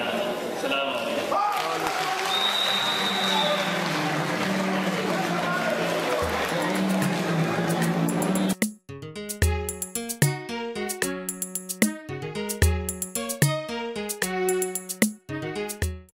God.